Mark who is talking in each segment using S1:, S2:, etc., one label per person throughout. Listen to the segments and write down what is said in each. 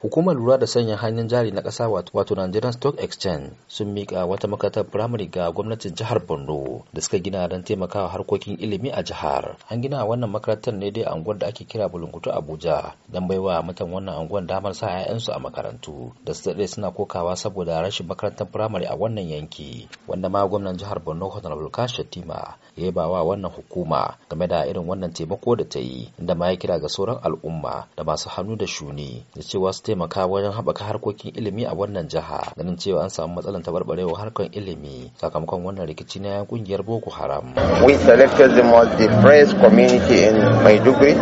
S1: Hukumar lura da sanya hanyar jari na kasa wato Nigerian Stock Exchange sun mika wata makatar firamare ga gwamnatin jihar Borno da suka gina don taimakawa harkokin ilimi a jihar. An gina wannan makarantar ne dai anguwar da ake kira Bulunkutu Abuja don baiwa mutan wannan unguwar damar sa 'ya'yansu a makarantu da su daɗe suna kokawa saboda rashin makarantar firamare a wannan yanki wanda ma gwamnan jihar Borno Honorable Kashi Shatima ya yaba wa wannan hukuma game da irin wannan taimako da ta yi inda ma ya kira ga sauran al'umma da masu hannu da shuni da cewa su taimaka wajen haɓaka harkokin ilimi a wannan jiha ganin cewa an samu matsalar tabarbarewa harkar ilimi sakamakon wannan rikici na kungiyar Boko Haram.
S2: We selected the most depressed community in Maiduguri,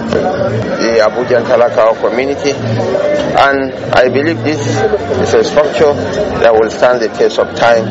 S2: the Abuja Talakawa community, and I believe this is a structure that will stand the test of time.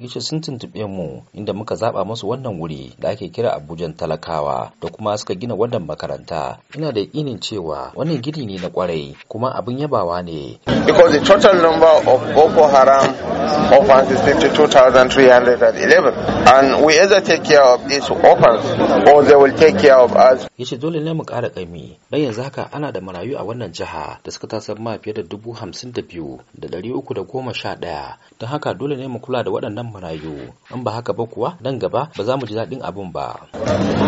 S2: Yace sun
S1: tuntuɓe mu inda muka zaɓa musu wannan wuri da ake kira Abujan Talakawa da kuma suka gina wannan makaranta. Ina da yakinin cewa wannan gini ne na kwarai kuma abin yabawa
S2: Because the total number of Boko Haram orphans is 52,311 and we either take care of these orphans or they will take care of us
S1: yace dole ne mu ƙara ƙami don yanzu haka ana da marayu a wannan jiha da suka tasar ma fiye da dubu hamsin da biyu da ɗari uku da goma sha ɗaya don haka dole ne mu kula da waɗannan marayu in ba haka ba kuwa nan gaba ba za mu ji daɗin abin ba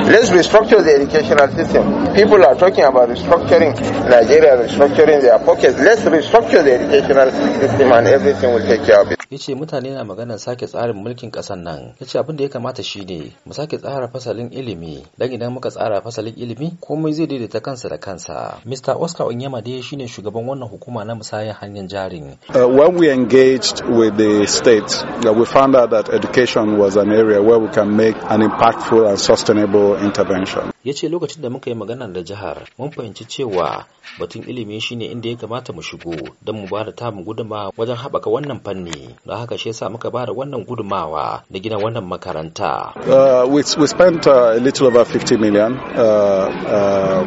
S2: let's restructure the educational system people are talking about restructuring Nigeria restructuring their pockets let's restructure the educational system and everything will take care of it
S1: ya ce mutane na maganar sake tsarin mulkin ƙasar nan ya ce abin da ya kamata shine mu sake tsara fasalin ilimi dan idan muka tsara fasalin ilimi komai zai daidaita kansa da kansa Mr. Oscar Onyema dai shine shugaban wannan hukuma na musayar hanyar jarin
S2: uh, when we engaged with the state uh, we found out that education was an area where we can make an impactful and sustainable intervention
S1: ya ce lokacin da muka yi magana da jihar mun fahimci cewa batun ilimi shine inda ya kamata mu shigo don mu bada tamu guduma wajen haɓaka wannan fanni da haka shi yasa muka bada wannan gudumawa da gina wannan makaranta.
S2: Uh, we, we spent uh, a little over 50 million uh,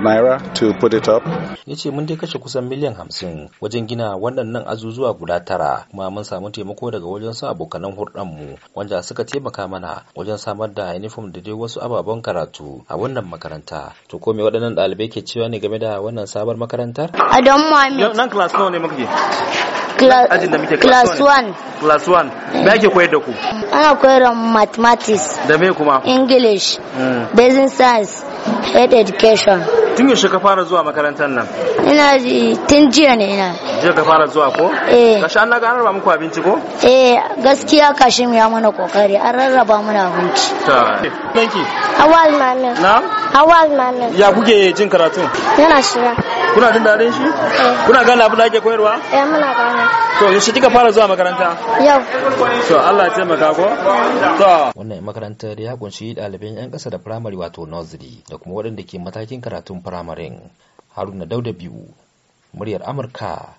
S2: naira to put it up.
S1: Ya ce mun dai kashe kusan miliyan hamsin wajen gina wannan nan azuzuwa guda tara kuma mun samu taimako daga wajen su abokanan mu wanda suka taimaka mana wajen samar da uniform da dai wasu ababen karatu a wannan makaranta to ko me waɗannan ɗalibai ke cewa ne game da wannan sabon makarantar a don muhammed nan class nawa ne muke
S2: ajin class 1
S1: class 1 me ake koyar da ku
S2: ana koyar mathematics da me kuma english hmm. basic science head education
S1: tun yaushe ka fara zuwa makarantar nan
S2: ina tun jiya ne ina
S1: jiya ka fara zuwa ko eh kashi an ga an raba muku abinci ko
S2: eh gaskiya kashin ya mana kokari an rarraba mana abinci
S1: ta you.
S2: awal mamin na awal mamin
S1: ya kuke jin karatu yana shiga kuna jin daɗin shi eh. kuna gane abin da ake koyarwa
S2: eh muna gane
S1: to yaushe kika fara zuwa makaranta yau to Allah ya taimaka ko to wannan makarantar ya kunshi ɗaliban yan ƙasa da firamare wato nursery da kuma waɗanda ke matakin karatun firamarin haruna dauda biyu muryar amurka